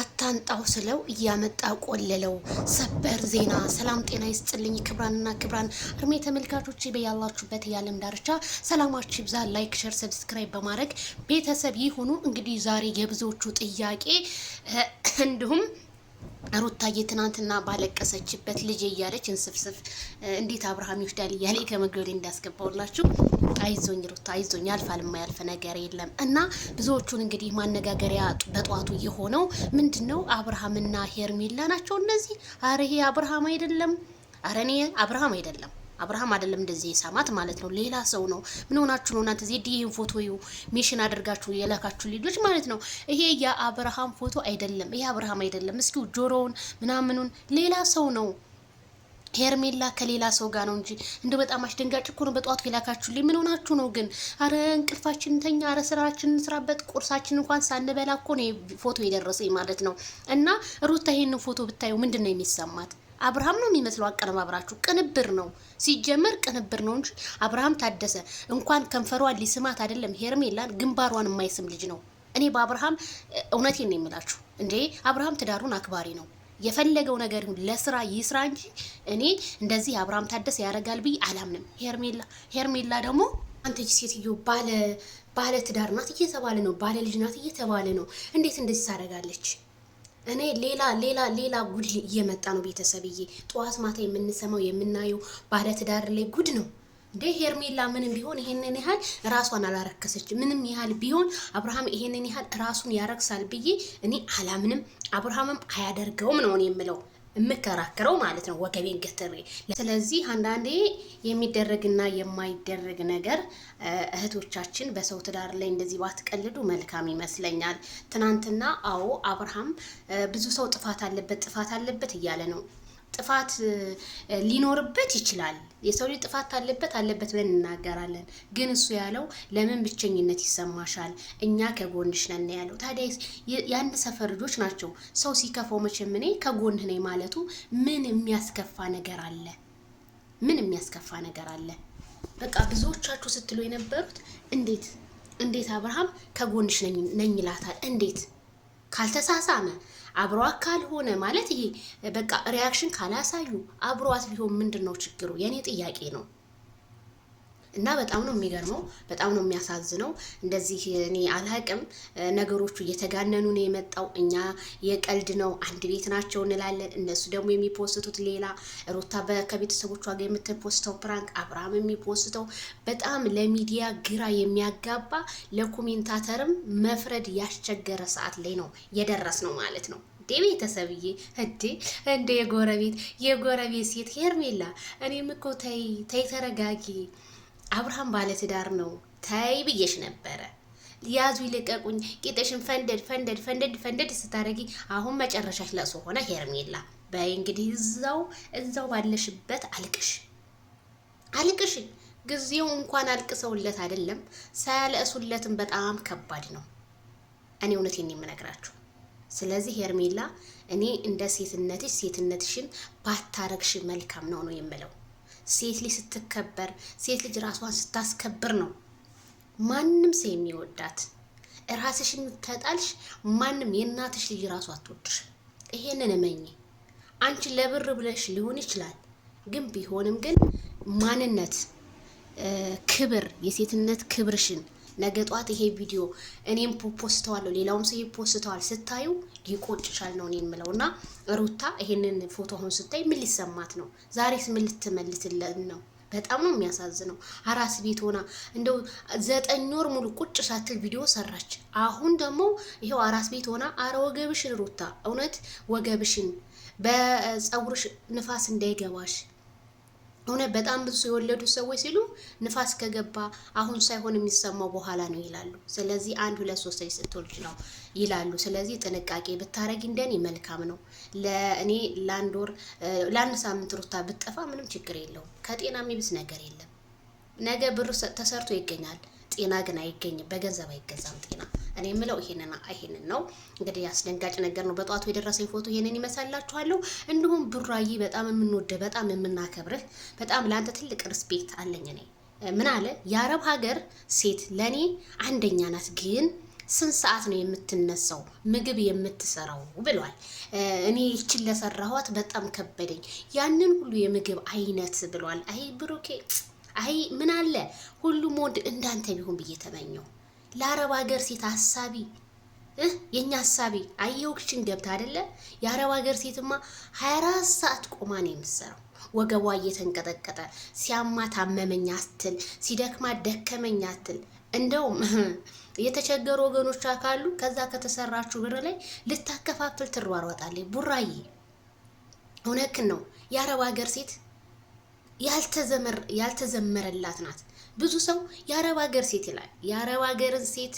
አታንጣው ስለው እያመጣ ቆለለው። ሰበር ዜና። ሰላም ጤና ይስጥልኝ ክብራንና ክብራን እርሜ ተመልካቾች በያላችሁበት የዓለም ዳርቻ ሰላማችሁ ይብዛ። ላይክ፣ ሸር፣ ሰብስክራይብ በማድረግ ቤተሰብ ይሁኑ። እንግዲህ ዛሬ የብዙዎቹ ጥያቄ እንዲሁም ሩታዬ ትናንትና ባለቀሰችበት ልጅ እያለች እንስፍስፍ እንዴት አብርሃም ይወስዳል እያለ ከመግቢያ ላይ እንዳስገባውላችሁ አይዞኝ ሩታ አይዞኝ፣ ያልፋል የማያልፍ ነገር የለም እና ብዙዎቹን እንግዲህ ማነጋገሪያ በጠዋቱ የሆነው ምንድን ነው? አብርሃምና ሄርሜላ ናቸው እነዚህ። አረ ይሄ አብርሃም አይደለም፣ አረ እኔ አብርሃም አይደለም አብርሃም አይደለም እንደዚህ የሳማት ማለት ነው። ሌላ ሰው ነው። ምን ሆናችሁ ነው እናንተ? እዚህ ይህን ፎቶ ዩ ሚሽን አድርጋችሁ የላካችሁ ልጆች ማለት ነው። ይሄ የአብርሃም ፎቶ አይደለም። ይሄ አብርሃም አይደለም። እስኪ ጆሮውን ምናምኑን ሌላ ሰው ነው። ሄርሜላ ከሌላ ሰው ጋር ነው እንጂ እንደ በጣም አስደንጋጭ እኮ ነው። በጠዋቱ የላካችሁልኝ ምን ሆናችሁ ነው ግን? አረ እንቅልፋችን ተኛ፣ አረ ስራችን ስራበት፣ ቁርሳችን እንኳን ሳንበላ እኮ ነው ፎቶ የደረሰኝ ማለት ነው። እና ሩታ ይሄንን ፎቶ ብታዩ ምንድን ነው የሚሰማት? አብርሃም ነው የሚመስለው አቀነባብራችሁ። ቅንብር ነው ሲጀመር፣ ቅንብር ነው እንጂ አብርሃም ታደሰ እንኳን ከንፈሯን ሊስማት አይደለም ሄርሜላን ግንባሯን የማይስም ልጅ ነው። እኔ በአብርሃም እውነቴን ነው የሚላችሁ እንዴ፣ አብርሃም ትዳሩን አክባሪ ነው። የፈለገው ነገር ለስራ ይስራ እንጂ እኔ እንደዚህ አብርሃም ታደሰ ያደርጋል ብዬ አላምንም። ሄርሜላ ሄርሜላ ደግሞ አንተ ሴትዮ ባለ ባለ ትዳር ናት እየተባለ ነው፣ ባለ ልጅ ናት እየተባለ ነው። እንዴት እንደዚህ ታደርጋለች? እኔ ሌላ ሌላ ሌላ ጉድ እየመጣ ነው ቤተሰብዬ። ጠዋት ማታ የምንሰማው የምናየው ባለ ትዳር ላይ ጉድ ነው እንዴ! ሄርሜላ ምንም ቢሆን ይሄንን ያህል ራሷን አላረከሰች። ምንም ያህል ቢሆን አብርሃም ይሄንን ያህል ራሱን ያረክሳል ብዬ እኔ አላምንም። አብርሃምም አያደርገውም ነው እኔ የምለው። የምከራከረው ማለት ነው ወገቤን ገትሬ። ስለዚህ አንዳንዴ የሚደረግና የማይደረግ ነገር እህቶቻችን በሰው ትዳር ላይ እንደዚህ ባትቀልዱ መልካም ይመስለኛል። ትናንትና አዎ አብርሃም ብዙ ሰው ጥፋት አለበት ጥፋት አለበት እያለ ነው ጥፋት ሊኖርበት ይችላል። የሰው ልጅ ጥፋት አለበት አለበት ብለን እናገራለን። ግን እሱ ያለው ለምን ብቸኝነት ይሰማሻል፣ እኛ ከጎንሽ ነን ያለው። ታዲያ የአንድ ሰፈር ልጆች ናቸው። ሰው ሲከፋው መቼም እኔ ከጎንህ ነኝ ማለቱ ምን የሚያስከፋ ነገር አለ? ምን የሚያስከፋ ነገር አለ? በቃ ብዙዎቻችሁ ስትሉ የነበሩት እንዴት እንዴት አብርሃም ከጎንሽ ነኝ ይላታል እንዴት ካልተሳሳመ አብሯት ካልሆነ ማለት ይሄ በቃ ሪያክሽን ካላሳዩ አብሯት ቢሆን ምንድን ነው ችግሩ? የእኔ ጥያቄ ነው። እና በጣም ነው የሚገርመው፣ በጣም ነው የሚያሳዝነው። እንደዚህ እኔ አላቅም፣ ነገሮቹ እየተጋነኑ ነው የመጣው። እኛ የቀልድ ነው አንድ ቤት ናቸው እንላለን፣ እነሱ ደግሞ የሚፖስቱት ሌላ። ሩታ ከቤተሰቦቿ ጋር የምትፖስተው ፕራንክ፣ አብርሃም የሚፖስተው በጣም ለሚዲያ ግራ የሚያጋባ ለኮሜንታተርም መፍረድ ያስቸገረ ሰዓት ላይ ነው የደረስ ነው ማለት ነው። እንዴ ቤተሰብዬ፣ እንዴ እንደ የጎረቤት የጎረቤት ሴት ሄርሜላ፣ እኔም እኮ ተይ ተይ፣ ተረጋጊ አብርሃም ባለትዳር ነው። ተይ ብዬሽ ነበረ። ያዙ ይልቀቁኝ። ቂጥሽን ፈንደድ ፈንደድ ፈንደድ ፈንደድ ስታደርጊ አሁን መጨረሻሽ ለእሱ ሆነ። ሄርሜላ በይ እንግዲህ እዛው እዛው ባለሽበት አልቅሽ አልቅሽ። ጊዜው እንኳን አልቅሰውለት አይደለም ሳያለእሱለትም በጣም ከባድ ነው። እኔ እውነቴን የምነግራችሁ። ስለዚህ ሄርሜላ እኔ እንደ ሴትነትሽ ሴትነትሽን ባታረግሽ መልካም ነው ነው የምለው። ሴት ልጅ ስትከበር፣ ሴት ልጅ ራሷን ስታስከብር ነው ማንም ሰው የሚወዳት። ራስሽ የምትጣልሽ ማንም የእናትሽ ልጅ ራሱ አትወድሽ። ይሄንን እመኝ። አንቺ ለብር ብለሽ ሊሆን ይችላል፣ ግን ቢሆንም ግን ማንነት፣ ክብር፣ የሴትነት ክብርሽን ነገ ጧት ይሄ ቪዲዮ እኔም ፖስተዋለሁ፣ ሌላውም ሰው ፖስተዋል፣ ስታዩ ይቆጭሻል ነው እኔ የምለው። እና ሩታ ይሄንን ፎቶ አሁን ስታይ ምን ሊሰማት ነው? ዛሬስ ምን ልትመልስለን ነው? በጣም ነው የሚያሳዝነው። አራስ ቤት ሆና እንደው ዘጠኝ ወር ሙሉ ቁጭ ሳትል ቪዲዮ ሰራች። አሁን ደግሞ ይሄው አራስ ቤት ሆና አረ ወገብሽን ሩታ፣ እውነት ወገብሽን በፀጉርሽ ንፋስ እንዳይገባሽ እውነት በጣም ብዙ የወለዱ ሰዎች ሲሉ ንፋስ ከገባ አሁን ሳይሆን የሚሰማው በኋላ ነው ይላሉ። ስለዚህ አንድ ሁለት ሶስት ስትወልድ ነው ይላሉ። ስለዚህ ጥንቃቄ ብታረጊ እንደኔ መልካም ነው። ለእኔ ለአንድ ወር ለአንድ ሳምንት ሩታ ብጠፋ ምንም ችግር የለውም። ከጤና የሚብስ ነገር የለም። ነገ ብሩ ተሰርቶ ይገኛል። ጤና ግን አይገኝም። በገንዘብ አይገዛም ጤና እኔ የምለው ይሄንን ይሄንን ነው እንግዲህ አስደንጋጭ ነገር ነው። በጠዋቱ የደረሰኝ ፎቶ ይሄንን ይመስላችኋለሁ። እንዲሁም ብሩዬ በጣም የምንወደህ በጣም የምናከብርህ በጣም ለአንተ ትልቅ ሪስፔክት አለኝ እኔ ምን አለ የአረብ ሀገር ሴት ለእኔ አንደኛ ናት ግን ስንት ሰዓት ነው የምትነሳው ምግብ የምትሰራው ብሏል። እኔ ይችን ለሰራኋት በጣም ከበደኝ ያንን ሁሉ የምግብ አይነት ብሏል። አይ ብሩኬ፣ አይ ምን አለ ሁሉም ወንድ እንዳንተ ቢሆን ብዬ ተመኘው። ለአረብ ሀገር ሴት አሳቢ የእኛ አሳቢ አየውክችን ገብታ አይደለ? የአረብ ሀገር ሴትማ ሀያ አራት ሰዓት ቆማ ነው የምትሰራው። ወገቧ እየተንቀጠቀጠ ሲያማ ታመመኝ አትል፣ ሲደክማ ደከመኝ አትል። እንደውም የተቸገሩ ወገኖቿ ካሉ ከዛ ከተሰራችሁ ብር ላይ ልታከፋፍል ትሯሯጣለች። ቡራዬ እውነክን ነው የአረብ ሀገር ሴት ያልተዘመረላት ናት። ብዙ ሰው የአረብ ሀገር ሴት ይላል። የአረብ ሀገር ሴት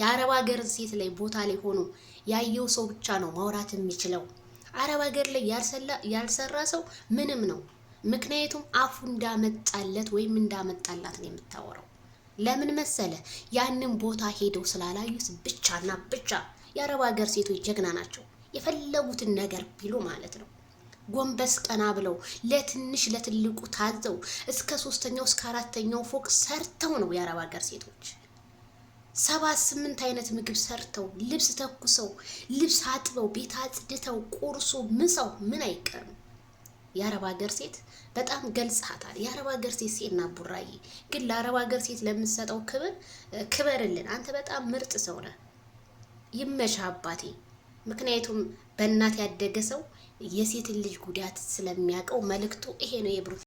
የአረብ ሴት ላይ ቦታ ላይ ሆኖ ያየው ሰው ብቻ ነው ማውራት የሚችለው። አረብ ሀገር ላይ ያልሰራ ሰው ምንም ነው። ምክንያቱም አፉ እንዳመጣለት ወይም እንዳመጣላት ነው የምታወራው። ለምን መሰለ? ያንን ቦታ ሄደው ስላላዩት ብቻና ብቻ። የአረብ ሀገር ሴቶች ጀግና ናቸው፣ የፈለጉትን ነገር ቢሉ ማለት ነው። ጎንበስ ቀና ብለው ለትንሽ ለትልቁ ታዘው እስከ ሶስተኛው እስከ አራተኛው ፎቅ ሰርተው ነው የአረብ ሀገር ሴቶች ሰባት ስምንት አይነት ምግብ ሰርተው ልብስ ተኩሰው ልብስ አጥበው ቤት አጽድተው ቁርሶ ምሳው ምን አይቀርም። የአረብ ሀገር ሴት በጣም ገልጽሃታል። የአረብ ሀገር ሴት ሴና ቡራዬ ግን ለአረብ ሀገር ሴት ለምንሰጠው ክብር ክበርልን። አንተ በጣም ምርጥ ሰው ነህ። ይመሻ አባቴ። ምክንያቱም በእናት ያደገ ሰው የሴትን ልጅ ጉዳት ስለሚያውቀው መልእክቱ ይሄ ነው የብሩ